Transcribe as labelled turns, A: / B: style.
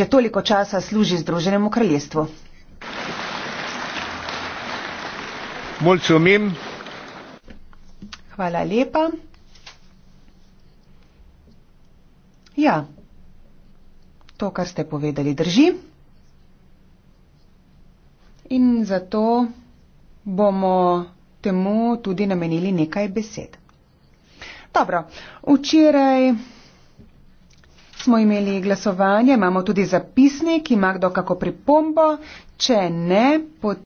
A: že toliko časa služi Združenemu kraljestvu.
B: Mulcumim.
A: Hvala lepa.
C: Ja, to, kar ste povedali, drži. In zato bomo temu tudi namenili nekaj besed. Dobro, včeraj smo imeli glasovanje, imamo tudi zapisnik, ima kdo kako pripombo, če ne, potem.